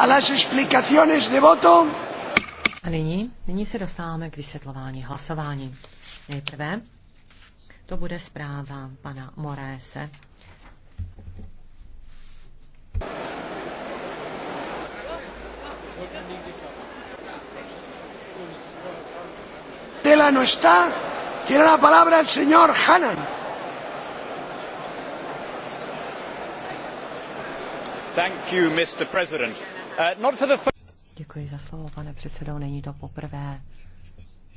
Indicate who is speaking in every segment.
Speaker 1: a las explicaciones de voto.
Speaker 2: A nyní, nyní se dostáváme k vysvětlování hlasování. Nejprve to bude zpráva pana Morése.
Speaker 1: Tela no está. Tiene la palabra el señor Hanan.
Speaker 2: You, mr president Uh, Děkuji za slovo, pane předsedo. Není to poprvé,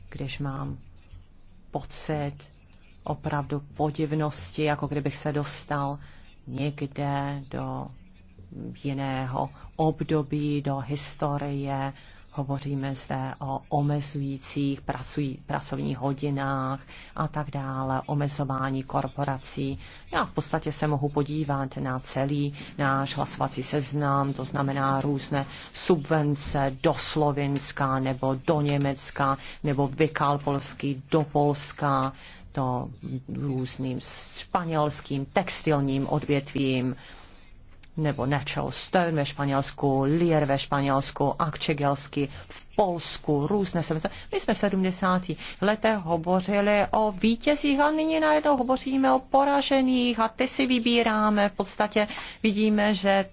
Speaker 2: když mám pocit opravdu podivnosti, jako kdybych se dostal někde do jiného období, do historie, Hovoříme zde o omezujících pracují, pracovních hodinách a tak dále, omezování korporací. Já v podstatě se mohu podívat na celý náš hlasovací seznam, to znamená různé subvence do Slovenska nebo do Německa nebo vykal polský do Polska, to různým španělským textilním odvětvím, nebo Natural Stone ve Španělsku, Lier ve Španělsku, Akčegelsky v Polsku, různé se. My jsme v 70. letech hovořili o vítězích a nyní najednou hovoříme o poražených a ty si vybíráme. V podstatě vidíme, že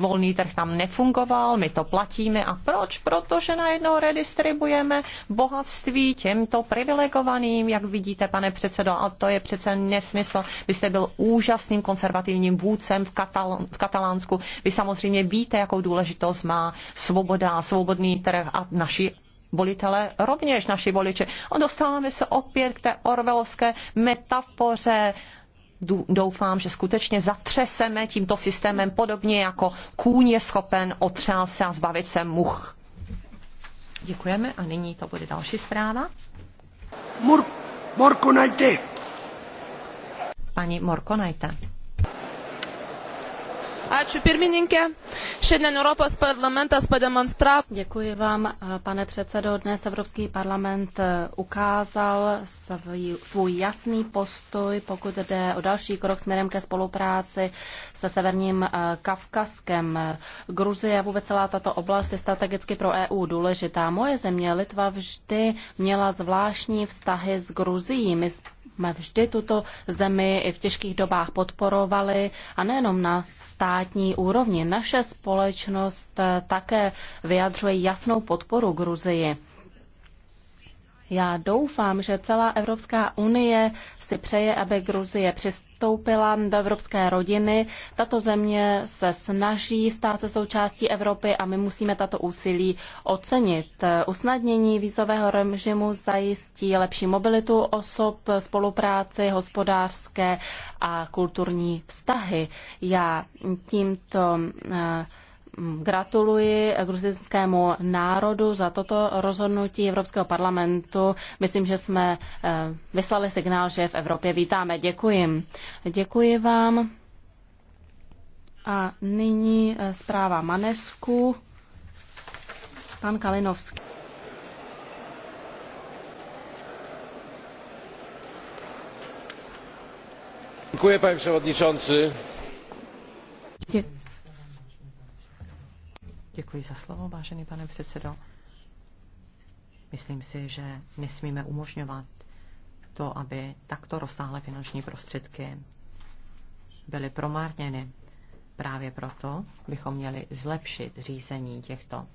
Speaker 2: volný trh tam nefungoval, my to platíme. A proč? Protože najednou redistribujeme bohatství těmto privilegovaným, jak vidíte, pane předsedo, a to je přece nesmysl. Vy jste byl úžasným konzervativním vůdcem v, Katal- v Katalánsku. Vy samozřejmě víte, jakou důležitost má svoboda, svobodný trh a naši volitele, rovněž naši voliče. A dostáváme se opět k té orvelovské metafoře doufám, že skutečně zatřeseme tímto systémem podobně jako kůň je schopen otřást se a zbavit se much. Děkujeme a nyní to bude další zpráva.
Speaker 1: Mor- Morkonajte.
Speaker 2: Pani Morkonajte.
Speaker 1: Ačiū pirmininkė. Šiandien Europos parlamentas pademonstravo. Děkuji vám, pane předsedo. Dnes Evropský parlament e, ukázal svůj, svůj jasný postoj, pokud jde o další krok směrem ke spolupráci se Severním e, Kavkazkem. Gruzie a vůbec celá tato oblast je strategicky pro EU důležitá. Moje země Litva vždy měla zvláštní vztahy s Gruzií. My jsme vždy tuto zemi i v těžkých dobách podporovali a nejenom na státní úrovni. Naše společnost eh, také vyjadřuje jasnou podporu Gruzii. Já doufám, že celá Evropská unie si přeje, aby Gruzie přistoupila vstoupila do evropské rodiny. Tato země se snaží stát se součástí Evropy a my musíme tato úsilí ocenit. Usnadnění vízového režimu zajistí lepší mobilitu osob, spolupráci, hospodářské a kulturní vztahy. Já tímto eh, Gratuluji gruzinskému národu za toto rozhodnutí Evropského parlamentu. Myslím, že jsme eh, vyslali signál, že v Evropě vítáme. Děkuji. Děkuji vám. A nyní eh, zpráva Manesku. Pan Kalinovský.
Speaker 3: Děkuji, pane předsedající.
Speaker 2: Děkuji za slovo, vážený pane předsedo. Myslím si, že nesmíme umožňovat to, aby takto rozsáhlé finanční prostředky byly promárněny. Právě proto bychom měli zlepšit řízení těchto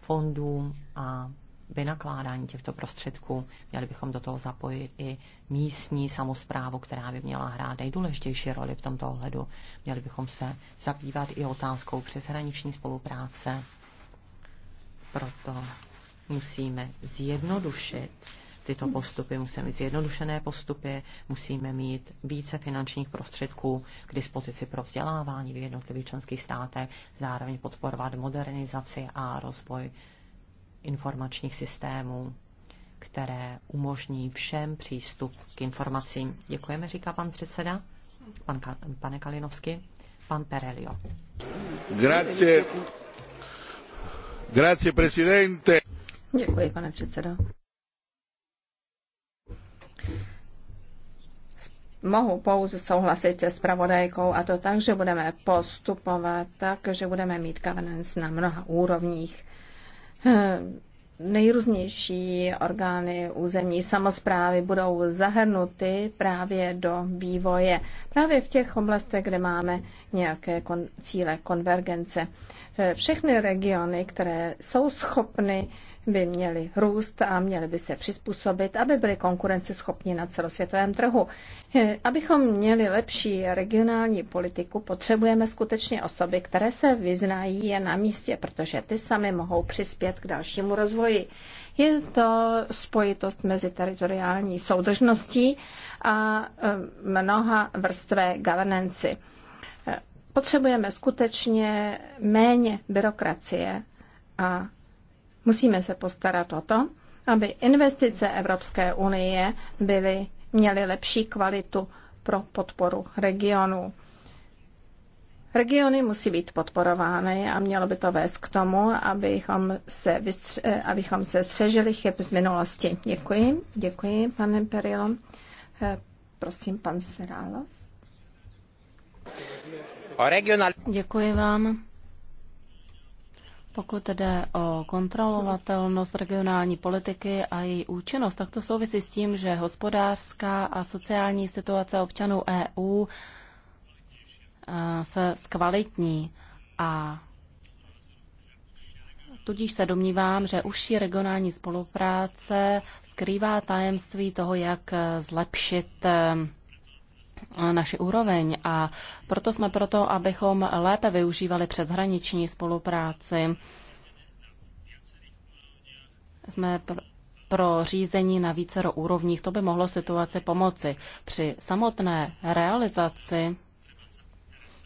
Speaker 2: fondů a vynakládání těchto prostředků. Měli bychom do toho zapojit i místní samozprávu, která by měla hrát nejdůležitější roli v tomto ohledu. Měli bychom se zabývat i otázkou přeshraniční spolupráce. Proto musíme zjednodušit tyto postupy, musíme mít zjednodušené postupy, musíme mít více finančních prostředků k dispozici pro vzdělávání v jednotlivých členských státech, zároveň podporovat modernizaci a rozvoj informačních systémů, které umožní všem přístup k informacím. Děkujeme, říká pan předseda. Pan, pane Kalinovsky, pan Perelio.
Speaker 1: Grazie. Grazie, presidente.
Speaker 3: Děkuji, pane předsedo. mohu pouze souhlasit se spravodajkou a to tak, že budeme postupovat tak, že budeme mít governance na mnoha úrovních. Eh, nejrůznější orgány územní samozprávy budou zahrnuty právě do vývoje, právě v těch oblastech, kde máme nějaké kon- cíle konvergence. Eh, všechny regiony, které jsou schopny by měly růst a měly by se přizpůsobit, aby byly konkurenceschopní na celosvětovém trhu. Eh, abychom měli lepší regionální politiku, potřebujeme skutečně osoby, které se vyznají je na místě, protože ty sami mohou přispět k dalšímu rozvoji. Je to spojitost mezi teritoriální soudržností a eh, mnoha vrstvé governance. Eh, potřebujeme skutečně méně byrokracie a Musíme se postarat o to, aby investice Evropské unie byly, měly lepší kvalitu pro podporu regionů. Regiony musí být podporovány a mělo by to vést k tomu, abychom se, vystře- eh, abychom se střežili chyb z minulosti. Děkuji, děkuji, pane Perilo. Eh, prosím, pan Serálos.
Speaker 1: Děkuji vám. Pokud jde o kontrolovatelnost regionální politiky a její účinnost, tak to souvisí s tím, že hospodářská a sociální situace občanů EU eh, se zkvalitní a Tudíž se domnívám, že užší regionální spolupráce skrývá tajemství toho, jak eh, zlepšit eh, naši úroveň a proto jsme proto, abychom lépe využívali přeshraniční spolupráci. Jsme pr- pro řízení na vícero úrovních, to by mohlo situaci pomoci. Při samotné realizaci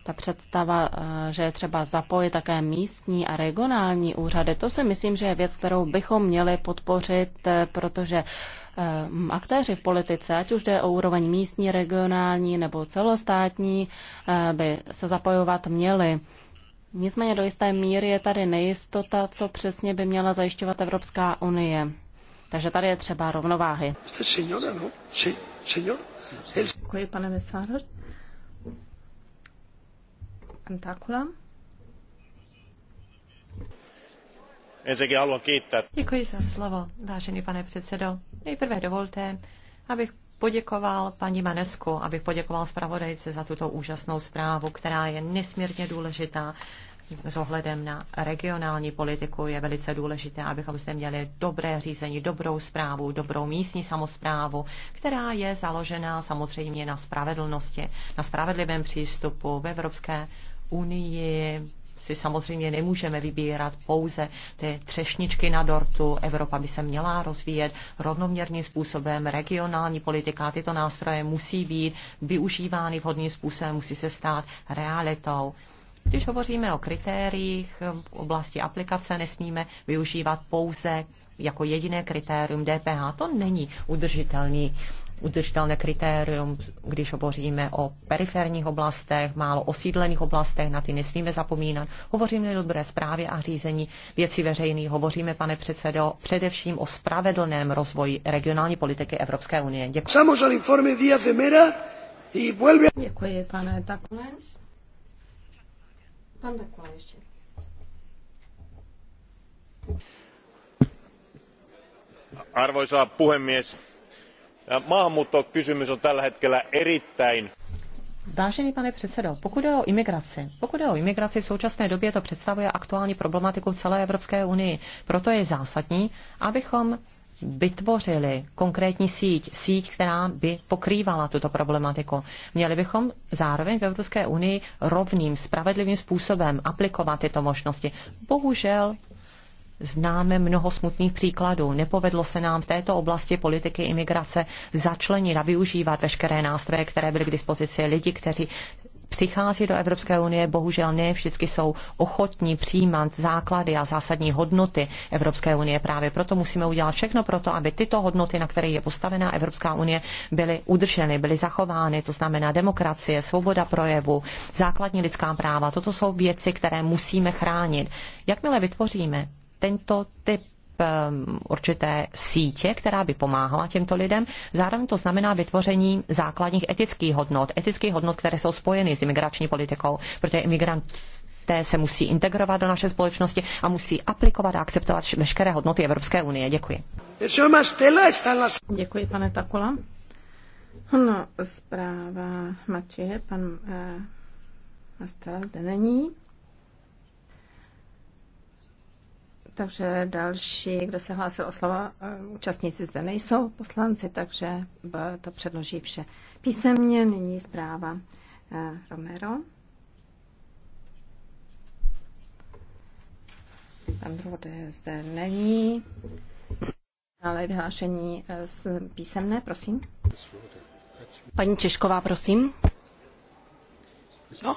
Speaker 1: ta představa, eh, že je třeba zapojit také místní a regionální úřady, to si myslím, že je věc, kterou bychom měli podpořit, eh, protože Ehm, aktéři v politice, ať už jde o úroveň místní, regionální nebo celostátní, eh, by se zapojovat měli. Nicméně do jisté míry je tady nejistota, co přesně by měla zajišťovat Evropská unie. Takže tady je třeba rovnováhy. ¿no? Děkuji, pane Vesáro. Pan
Speaker 2: Děkuji za slovo, vážený pane předsedo. Nejprve dovolte, abych poděkoval paní Manesku, abych poděkoval zpravodajce za tuto úžasnou zprávu, která je nesmírně důležitá s ohledem na regionální politiku je velice důležité, abychom zde měli dobré řízení, dobrou zprávu, dobrou místní samozprávu, která je založena samozřejmě na spravedlnosti, na spravedlivém přístupu v Evropské unii si samozřejmě nemůžeme vybírat pouze ty třešničky na dortu. Evropa by se měla rozvíjet rovnoměrným způsobem. Regionální politika tyto nástroje musí být využívány vhodným způsobem, musí se stát realitou. Když hovoříme o kritériích v oblasti aplikace, nesmíme využívat pouze jako jediné kritérium DPH. To není udržitelný udržitelné kritérium, když hovoříme o periferních oblastech, málo osídlených oblastech, na ty nesmíme zapomínat. Hovoříme o dobré zprávě a řízení věcí veřejných. Hovoříme, pane předsedo, především o spravedlném rozvoji regionální politiky Evropské unie. Děkuji.
Speaker 3: Děkuji, pane Takulen. Pan Takulen ještě.
Speaker 1: Arvoisa puhemies, maahanmuuttokysymys on tällä hetkellä erittäin
Speaker 2: Vážený pane předsedo, pokud jde o imigraci, pokud jde o imigraci v současné době to představuje aktuální problematiku celé Evropské unii. Proto je zásadní, abychom vytvořili konkrétní síť, síť, která by pokrývala tuto problematiku. Měli bychom zároveň v Evropské unii rovným, spravedlivým způsobem aplikovat tyto možnosti. Bohužel Známe mnoho smutných příkladů. Nepovedlo se nám v této oblasti politiky imigrace začlenit a využívat veškeré nástroje, které byly k dispozici lidi, kteří přichází do Evropské unie, bohužel ne všichni jsou ochotní přijímat základy a zásadní hodnoty Evropské unie. Právě proto musíme udělat všechno pro to, aby tyto hodnoty, na které je postavená Evropská unie, byly udrženy, byly zachovány, to znamená demokracie, svoboda projevu, základní lidská práva. Toto jsou věci, které musíme chránit. Jakmile vytvoříme tento typ určité sítě, která by pomáhala těmto lidem. Zároveň to znamená vytvoření základních etických hodnot, etických hodnot, které jsou spojeny s imigrační politikou, protože imigrant té se musí integrovat do naše společnosti a musí aplikovat a akceptovat veškeré hodnoty Evropské unie. Děkuji.
Speaker 3: Děkuji, pane Takula. No, zpráva Matěje, pan eh, Mastel, není. Takže další, kdo se hlásil o slova, eh, účastníci zde nejsou poslanci, takže eh, to předloží vše. Písemně nyní zpráva eh, Romero. Pan Rode zde není, ale vyhlášení písemné, prosím. Paní Češková, prosím. No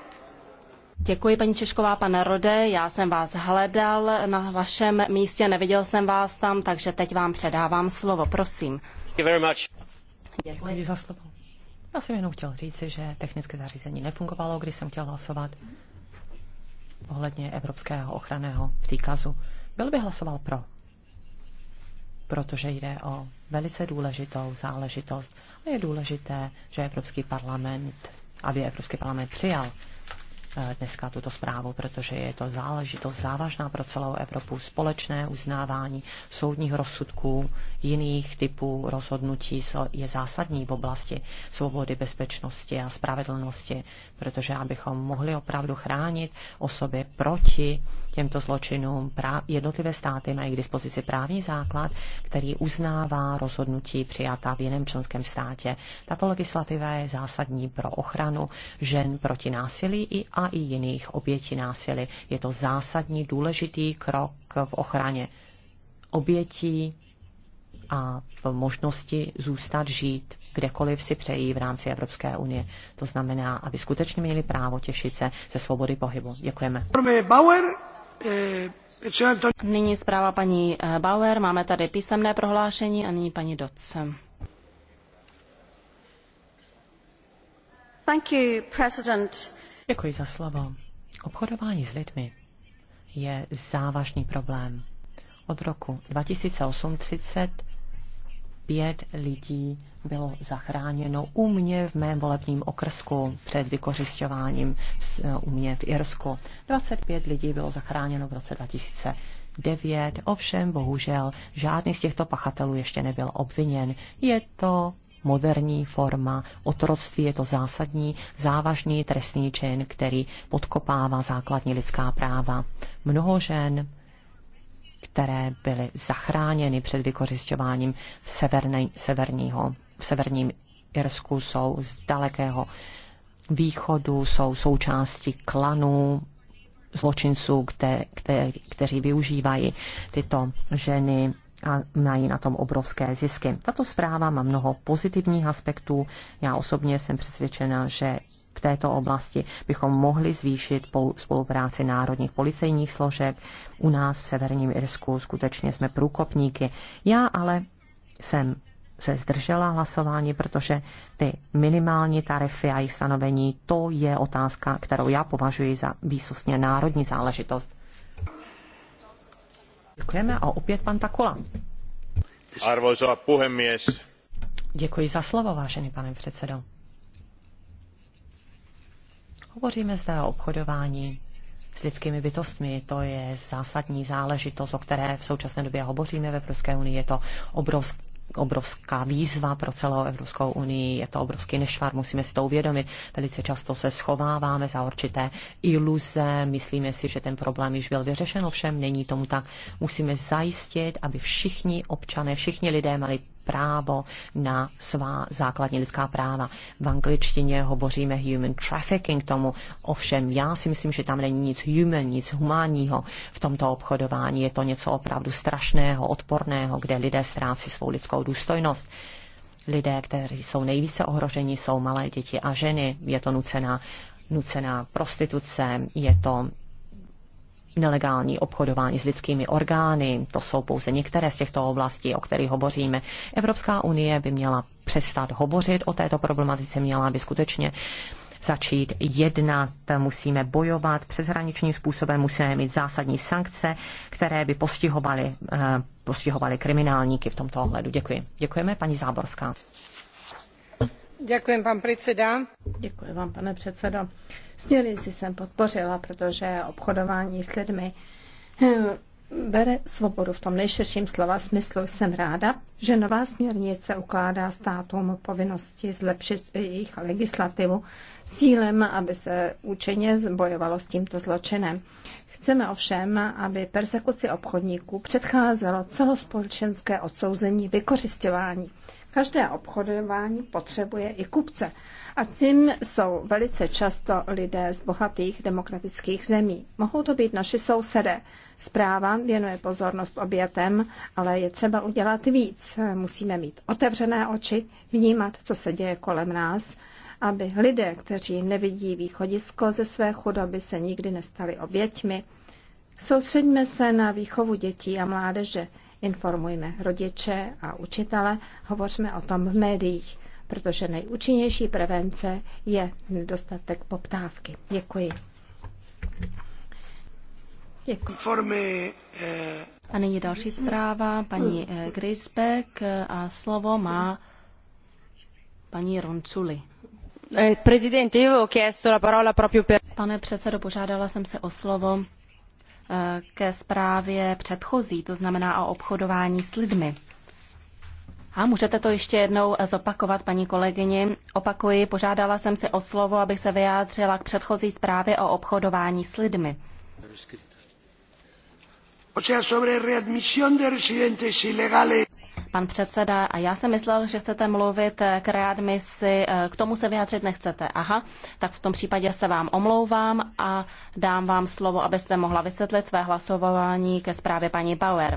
Speaker 1: Děkuji, paní Češková, pane Rode. Já jsem vás hledal na vašem místě, neviděl jsem vás tam, takže teď vám předávám slovo. Prosím.
Speaker 3: Děkuji.
Speaker 2: Děkuji za slovo. Já jsem jenom chtěl říci, že technické zařízení nefungovalo, když jsem chtěl hlasovat ohledně Evropského ochranného příkazu. Byl by hlasoval pro, protože jde o velice důležitou záležitost a je důležité, že Evropský parlament, aby Evropský parlament přijal Eh, dneska tuto zprávu, protože je to záležitost závažná pro celou Evropu. Společné uznávání soudních rozsudků, jiných typů rozhodnutí je zásadní v oblasti svobody, bezpečnosti a spravedlnosti, protože abychom mohli opravdu chránit osoby proti těmto zločinům. Jednotlivé státy mají k dispozici právní základ, který uznává rozhodnutí přijatá v jiném členském státě. Tato legislativa je zásadní pro ochranu žen proti násilí i a i jiných obětí násilí. Je to zásadní důležitý krok v ochraně obětí a v možnosti zůstat žít kdekoliv si přejí v rámci Evropské unie. To znamená, aby skutečně měli právo těšit se ze svobody pohybu. Děkujeme.
Speaker 1: Nyní zpráva paní eh, Bauer, máme tady písemné prohlášení a nyní paní Doc. You,
Speaker 2: Děkuji za slovo. Obchodování s lidmi je závažný problém. Od roku 2008 30 pět lidí bylo zachráněno u mě v mém volebním okrsku před vykořišťováním eh, u mě v Irsku. 25 lidí bylo zachráněno v roce 2009. Ovšem, bohužel, žádný z těchto pachatelů ještě nebyl obviněn. Je to moderní forma otroctví, je to zásadní, závažný trestný čin, který podkopává základní lidská práva. Mnoho žen které byly zachráněny před vykořišťováním v, severního, v severním Irsku, jsou z dalekého východu, jsou součástí klanů zločinců, kte, kte, kteří využívají tyto ženy a mají na tom obrovské zisky. Tato zpráva má mnoho pozitivních aspektů. Já osobně jsem přesvědčena, že v této oblasti bychom mohli zvýšit spolupráci národních policejních složek. U nás v Severním Irsku skutečně jsme průkopníky. Já ale jsem se zdržela hlasování, protože ty minimální tarify a jejich stanovení, to je otázka, kterou já považuji za výsostně národní záležitost. Děkujeme a opět pan Takula.
Speaker 1: Arvoisa puhemies.
Speaker 2: Děkuji za slovo, vážený pane předsedo. Hovoříme zde o obchodování s lidskými bytostmi. To je zásadní záležitost, o které v současné době hovoříme ve Evropské unii. Je to obrovský obrovská výzva pro celou Evropskou unii, je to obrovský nešvar, musíme si to uvědomit. Velice často se schováváme za určité iluze, myslíme si, že ten problém již byl vyřešen, ovšem není tomu tak. Musíme zajistit, aby všichni občané, všichni lidé měli právo na svá základní lidská práva. V angličtině hovoříme human trafficking tomu, ovšem já si myslím, že tam není nic human, nic humánního v tomto obchodování. Je to něco opravdu strašného, odporného, kde lidé ztrácí svou lidskou důstojnost. Lidé, kteří jsou nejvíce ohroženi, jsou malé děti a ženy. Je to nucená nucená prostituce, je to nelegální obchodování s lidskými orgány. To jsou pouze některé z těchto oblastí, o kterých hovoříme. Evropská unie by měla přestat hovořit o této problematice, měla by skutečně začít jednat, musíme bojovat přeshraničním způsobem, musíme mít zásadní sankce, které by postihovaly, eh, postihovaly kriminálníky v tomto ohledu. Děkuji. Děkujeme, paní Záborská.
Speaker 3: Děkuji, pan předseda. Děkuji vám, pane předsedo. Směrnici jsem podpořila, protože obchodování s lidmi eh, bere svobodu v tom nejširším slova smyslu. Jsem ráda, že nová směrnice ukládá státům povinnosti zlepšit jejich legislativu s cílem, aby se účinně bojovalo s tímto zločinem. Chceme ovšem, aby persekuci obchodníků předcházelo celospolečenské odsouzení vykořišťování. Každé obchodování potřebuje i kupce a tím jsou velice často lidé z bohatých demokratických zemí. Mohou to být naši sousedé. Zpráva věnuje pozornost obětem, ale je třeba udělat víc. Musíme mít otevřené oči, vnímat, co se děje kolem nás aby lidé, kteří nevidí východisko ze své chudoby, se nikdy nestali oběťmi. Soustředíme se na výchovu dětí a mládeže, informujme rodiče a učitele, hovořme o tom v médiích, protože nejúčinnější prevence je nedostatek
Speaker 1: poptávky. Děkuji.
Speaker 3: Děkuji. Formy,
Speaker 1: eh... A nyní další zpráva, paní eh, Grisbeck eh, a slovo má paní Ronculi. Eh, Pane předsedo, požádala jsem se o slovo eh, ke zprávě předchozí, to znamená o obchodování s lidmi. A můžete to ještě jednou eh, zopakovat, paní kolegyni. Opakuji, požádala jsem se o slovo, abych se vyjádřila k předchozí zprávě o obchodování s lidmi.
Speaker 2: O sea, sobre readmisión de residentes ilegales
Speaker 1: pan předseda, a já jsem myslel, že chcete mluvit eh, k readmisi, eh, k tomu se vyjádřit nechcete. Aha, tak v tom případě se vám omlouvám a dám vám slovo, abyste mohla vysvětlit své hlasování ke zprávě paní Bauer.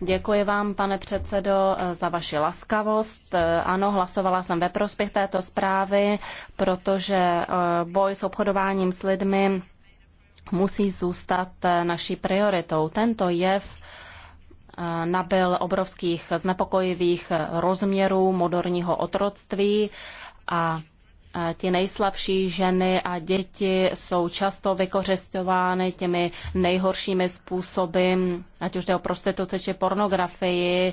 Speaker 1: Děkuji vám, pane předsedo, eh, za vaši laskavost. Ano, hlasovala jsem ve prospěch této zprávy, protože boj s obchodováním s lidmi musí zůstat naší prioritou. Tento jev nabyl obrovských znepokojivých rozměrů moderního otroctví a ti nejslabší ženy a děti jsou často vykořišťovány těmi nejhoršími způsoby, ať už jde o prostituce či pornografii. E,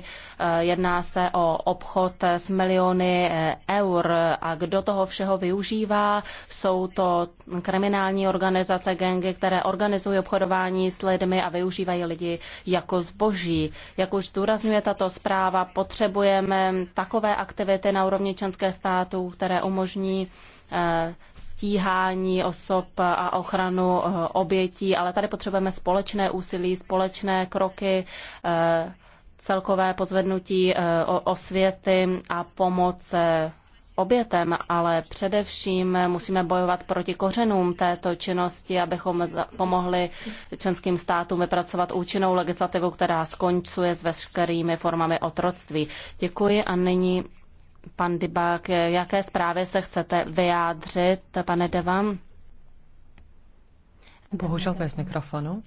Speaker 1: jedná se o obchod s miliony e, eur a kdo toho všeho využívá, jsou to kriminální organizace, gengy, které organizují obchodování s lidmi a využívají lidi jako zboží. Jak už zdůrazňuje tato zpráva, potřebujeme takové aktivity na úrovni členské států, které umožní Eh, stíhání osob a ochranu eh, obětí, ale tady potřebujeme společné úsilí, společné kroky, eh, celkové pozvednutí osvěty a pomoc obětem, ale především musíme bojovat proti kořenům této činnosti, abychom pomohli členským státům vypracovat účinnou legislativu, která skončuje s veškerými formami otroctví. Děkuji a nyní pan Dybák, jaké zprávě se chcete vyjádřit, pane Devam?
Speaker 2: Bohužel bez mikrofonu.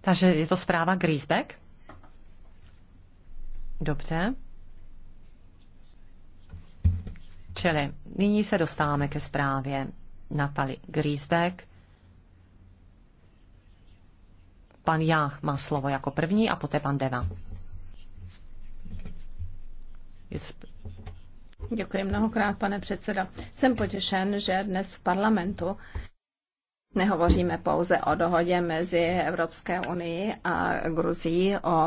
Speaker 2: Takže je to zpráva Griesbeck? Dobře. Čili nyní se dostáváme ke zprávě Natali Griesbeck. Pan Jáh má slovo jako první a poté pan Deva.
Speaker 3: Děkuji mnohokrát, pane předsedo. Jsem potěšen, že dnes v parlamentu Nehovoříme pouze o dohodě mezi Evropské unii a Gruzií o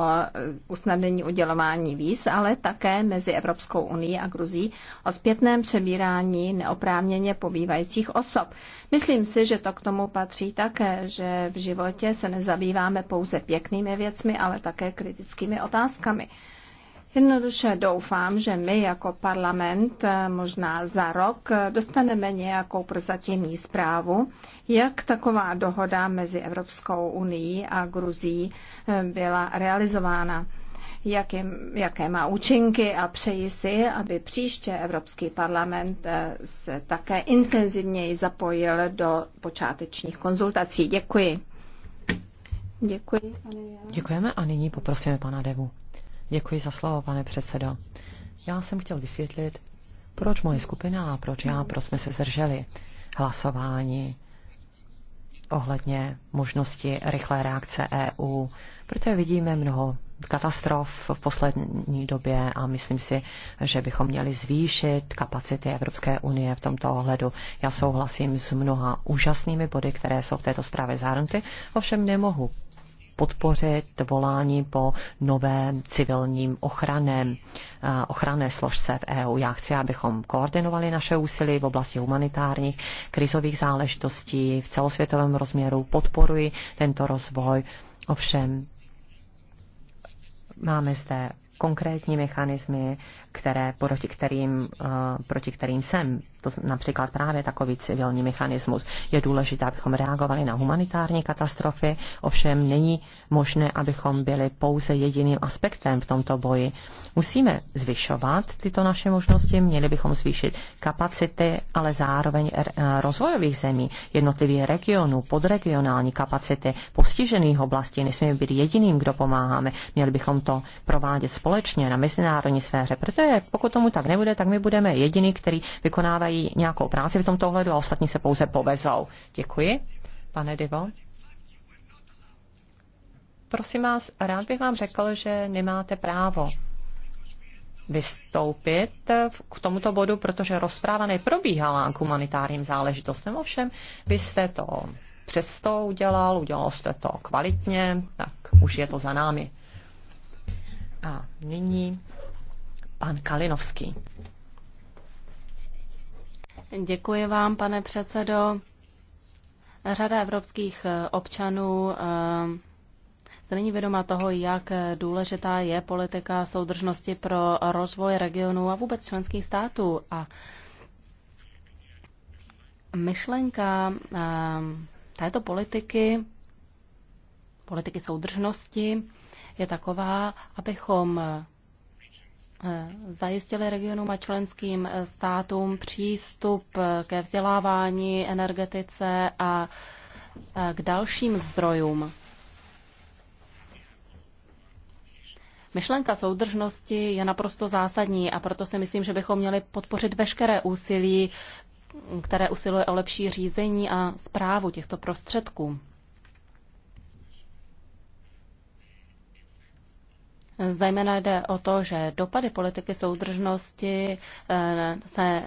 Speaker 3: usnadnění udělování víz, ale také mezi Evropskou unii a Gruzií o zpětném přebírání neoprávněně pobývajících osob. Myslím si, že to k tomu patří také, že v životě se nezabýváme pouze pěknými věcmi, ale také kritickými otázkami. Jednoduše doufám, že my jako parlament eh, možná za rok eh, dostaneme nějakou prozatímní zprávu, jak taková dohoda mezi Evropskou unii a Gruzí eh, byla realizována jak je, jaké má účinky a přeji si, aby příště Evropský parlament se také intenzivněji zapojil do počátečních konzultací. Děkuji. Děkuji. Děkujeme
Speaker 2: a nyní poprosíme pana Devu. Děkuji za slovo, pane předsedo. Já jsem chtěl vysvětlit, proč moje skupina a proč já, proč jsme se zdrželi hlasování ohledně možnosti rychlé reakce EU, protože vidíme mnoho katastrof v poslední době a myslím si, že bychom měli zvýšit kapacity Evropské unie v tomto ohledu. Já souhlasím s mnoha úžasnými body, které jsou v této zprávě zahrnuty, ovšem nemohu podpořit volání po novém civilním ochraném, ochranné složce v EU. Já chci, abychom koordinovali naše úsilí v oblasti humanitárních krizových záležitostí v celosvětovém rozměru. Podporuji tento rozvoj. Ovšem, máme zde konkrétní mechanismy, které, proti, kterým, proti kterým jsem to například právě takový civilní mechanismus. Je důležité, abychom reagovali na humanitární katastrofy, ovšem není možné, abychom byli pouze jediným aspektem v tomto boji. Musíme zvyšovat tyto naše možnosti, měli bychom zvýšit kapacity, ale zároveň eh, rozvojových zemí, jednotlivých regionů, podregionální kapacity postižených oblastí. Nesmíme být jediným, kdo pomáháme. Měli bychom to provádět společně na mezinárodní sféře, protože pokud tomu tak nebude, tak my budeme jediný, který vykonává dělají nějakou práci v tomto ohledu a ostatní se pouze povezou. Děkuji. Pane Divo. Prosím vás, rád bych vám řekl, že nemáte právo vystoupit k tomuto bodu, protože rozpráva neprobíhala k humanitárním záležitostem. Ovšem, vy jste to přesto udělal, udělal jste to kvalitně, tak už je to za námi. A nyní pan Kalinovský.
Speaker 1: Děkuji vám, pane předsedo. Řada evropských eh, občanů se eh, není vědoma toho, jak důležitá je politika soudržnosti pro rozvoj regionů a vůbec členských států. A myšlenka eh, této politiky, politiky soudržnosti, je taková, abychom Eh, zajistili regionům a členským eh, státům přístup eh, ke vzdělávání, energetice a k dalším zdrojům. Myšlenka soudržnosti je naprosto zásadní a proto si myslím, že bychom měli podpořit veškeré úsilí, které usiluje o lepší řízení a zprávu těchto prostředků. Zajména jde o to, že dopady politiky soudržnosti eh, se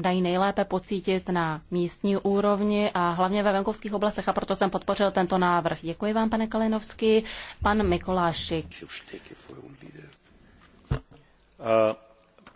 Speaker 1: dají nejlépe pocítit na místní úrovni a hlavně ve venkovských oblastech a proto jsem podpořil tento návrh. Děkuji vám, pane Kalinovský. Pan Mikolášik.
Speaker 3: Uh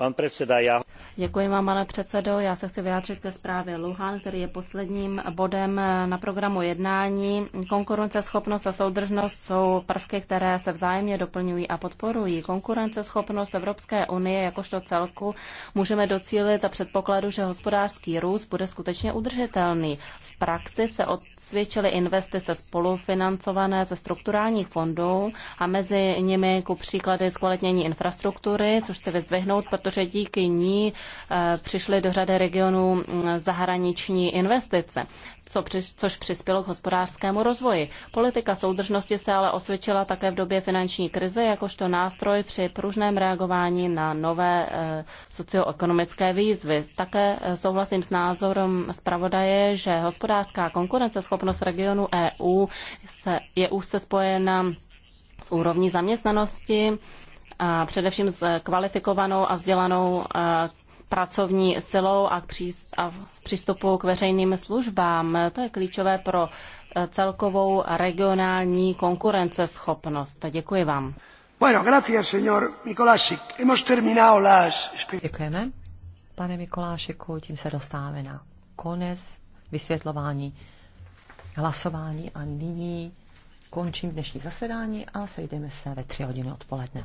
Speaker 3: Pan predseda, já...
Speaker 1: Děkuji vám, pane předsedo. Já se chci vyjádřit ke zprávě Luhan, který je posledním bodem na programu jednání. Konkurenceschopnost a soudržnost jsou prvky, které se vzájemně doplňují a podporují. Konkurenceschopnost Evropské unie jakožto celku můžeme docílit za předpokladu, že hospodářský růst bude skutečně udržitelný. V praxi se odsvědčily investice spolufinancované ze strukturálních fondů a mezi nimi ku příklady zkvalitnění infrastruktury, což chci vyzdvihnout, protože protože díky ní eh, přišly do řady regionů mm, zahraniční investice, co při, což přispělo k hospodářskému rozvoji. Politika soudržnosti se ale osvědčila také v době finanční krize jakožto nástroj při pružném reagování na nové eh, socioekonomické výzvy. Také eh, souhlasím s názorem zpravodaje, že hospodářská konkurenceschopnost regionu EU se, je úzce spojena s úrovní zaměstnanosti, především s kvalifikovanou a vzdělanou pracovní silou a v přístupu k veřejným službám. To je klíčové pro e, celkovou regionální konkurenceschopnost. Děkuji vám. Bueno,
Speaker 2: Mikolášik. Děkujeme, pane Mikolášiku. Tím se dostáváme na konec vysvětlování hlasování a nyní končím dnešní zasedání a sejdeme se ve tři hodiny odpoledne.